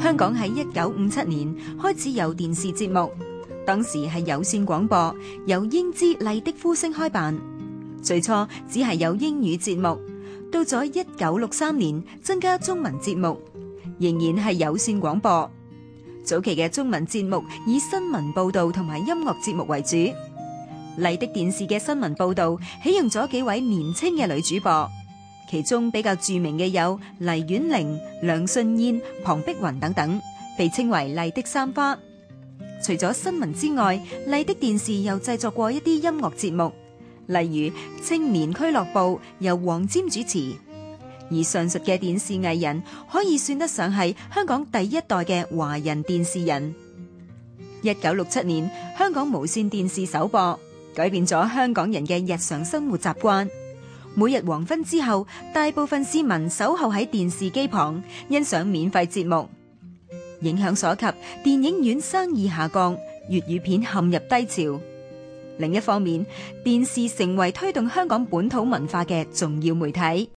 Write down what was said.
香港喺1957年開始有電視節目,當時係有線廣播,由英資麗的呼聲開辦。最初只係有英語節目,到咗1963年增加中文節目,仍然係有線廣播。早期嘅中文節目以新聞報道同埋音樂節目為主。麗的電視嘅新聞報道起用咗幾位年輕嘅女主播。其中比較著名嘅有黎婉玲、梁舜燕、龐碧雲等等，被稱為麗的三花。除咗新聞之外，麗的電視又製作過一啲音樂節目，例如《青年俱樂部》，由黃霑主持。而上述嘅電視藝人可以算得上係香港第一代嘅華人電視人。一九六七年，香港無線電視首播，改變咗香港人嘅日常生活習慣。每日黃昏之後，大部分市民守候喺電視機旁欣賞免費節目，影響所及，電影院生意下降，粵語片陷入低潮。另一方面，電視成為推動香港本土文化嘅重要媒體。